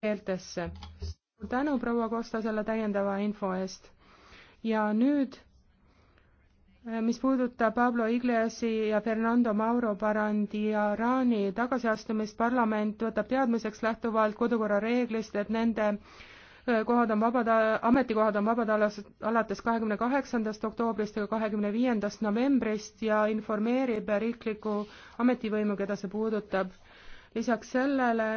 keeltesse. suur tänu, proua Kosta, selle täiendava info eest. ja nüüd, eh, mis puudutab Pablo Iglesi ja Fernando Mauro Barandiarani tagasiastumist, parlament võtab teadmiseks lähtuvalt kodukorra reeglist, et nende eh, kohad on vabad, ametikohad on vabad alates kahekümne kaheksandast oktoobrist ja kahekümne viiendast novembrist ja informeerib riiklikku ametivõimu, keda see puudutab. lisaks sellele